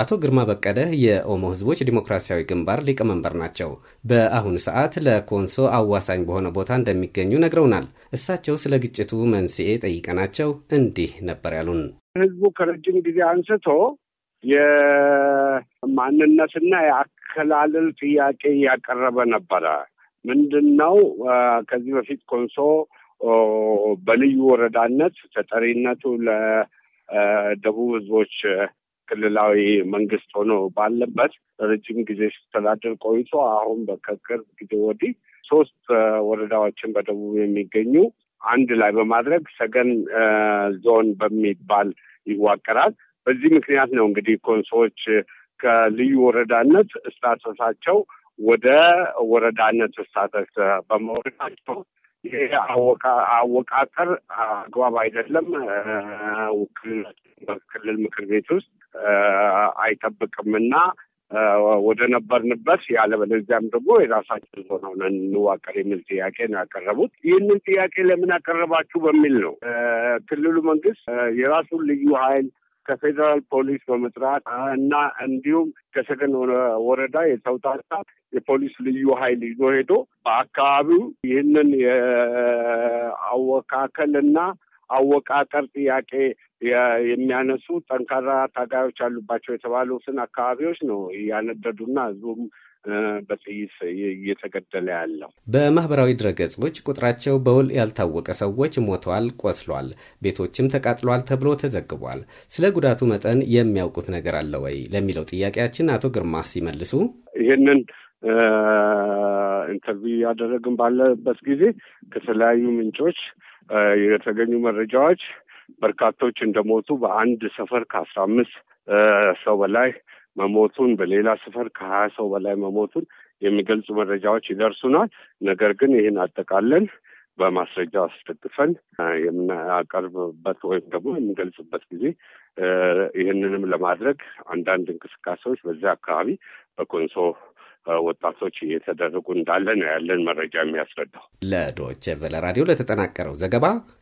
አቶ ግርማ በቀለ የኦሞ ህዝቦች ዲሞክራሲያዊ ግንባር ሊቀመንበር ናቸው። በአሁኑ ሰዓት ለኮንሶ አዋሳኝ በሆነ ቦታ እንደሚገኙ ነግረውናል። እሳቸው ስለ ግጭቱ መንስኤ ጠይቀናቸው እንዲህ ነበር ያሉን። ህዝቡ ከረጅም ጊዜ አንስቶ የማንነትና የአከላለል ጥያቄ እያቀረበ ነበረ። ምንድን ነው ከዚህ በፊት ኮንሶ በልዩ ወረዳነት ተጠሪነቱ ለደቡብ ህዝቦች ክልላዊ መንግስት ሆኖ ባለበት ረጅም ጊዜ ሲተዳደር ቆይቶ አሁን ከቅርብ ጊዜ ወዲህ ሶስት ወረዳዎችን በደቡብ የሚገኙ አንድ ላይ በማድረግ ሰገን ዞን በሚባል ይዋቀራል። በዚህ ምክንያት ነው እንግዲህ ኮንሶዎች ከልዩ ወረዳነት ስታተሳቸው ወደ ወረዳነት ስታተስ በመውረዳቸው ይሄ አወቃቀር አግባብ አይደለም። ክልል ምክር ቤት ውስጥ አይጠብቅምና ወደ ነበርንበት ያለበለዚያም ደግሞ የራሳችን ሆነው እንዋቀር የሚል ጥያቄ ነው ያቀረቡት። ይህንን ጥያቄ ለምን ያቀረባችሁ በሚል ነው። ክልሉ መንግስት የራሱን ልዩ ኃይል ከፌዴራል ፖሊስ በመጥራት እና እንዲሁም ከሰገን ወረዳ የተውጣጣ የፖሊስ ልዩ ኃይል ይዞ ሄዶ በአካባቢው ይህንን የአወካከልና አወቃቀር ጥያቄ የሚያነሱ ጠንካራ ታጋዮች ያሉባቸው የተባሉትን አካባቢዎች ነው እያነደዱና ህዝቡም በጥይት እየተገደለ ያለው። በማህበራዊ ድረገጾች ቁጥራቸው በውል ያልታወቀ ሰዎች ሞተዋል፣ ቆስሏል፣ ቤቶችም ተቃጥሏል ተብሎ ተዘግቧል። ስለ ጉዳቱ መጠን የሚያውቁት ነገር አለ ወይ ለሚለው ጥያቄያችን አቶ ግርማ ሲመልሱ ይህንን ኢንተርቪው እያደረግን ባለበት ጊዜ ከተለያዩ ምንጮች የተገኙ መረጃዎች በርካቶች እንደሞቱ በአንድ ሰፈር ከአስራ አምስት ሰው በላይ መሞቱን በሌላ ሰፈር ከሀያ ሰው በላይ መሞቱን የሚገልጹ መረጃዎች ይደርሱናል። ነገር ግን ይህን አጠቃለን በማስረጃ አስደግፈን የምናቀርብበት ወይም ደግሞ የምንገልጽበት ጊዜ ይህንንም ለማድረግ አንዳንድ እንቅስቃሴዎች በዚያ አካባቢ በኮንሶ ወጣቶች እየተደረጉ እንዳለ ነው ያለን መረጃ የሚያስረዳው። ለዶይቼ ቬለ ራዲዮ ለተጠናቀረው ዘገባ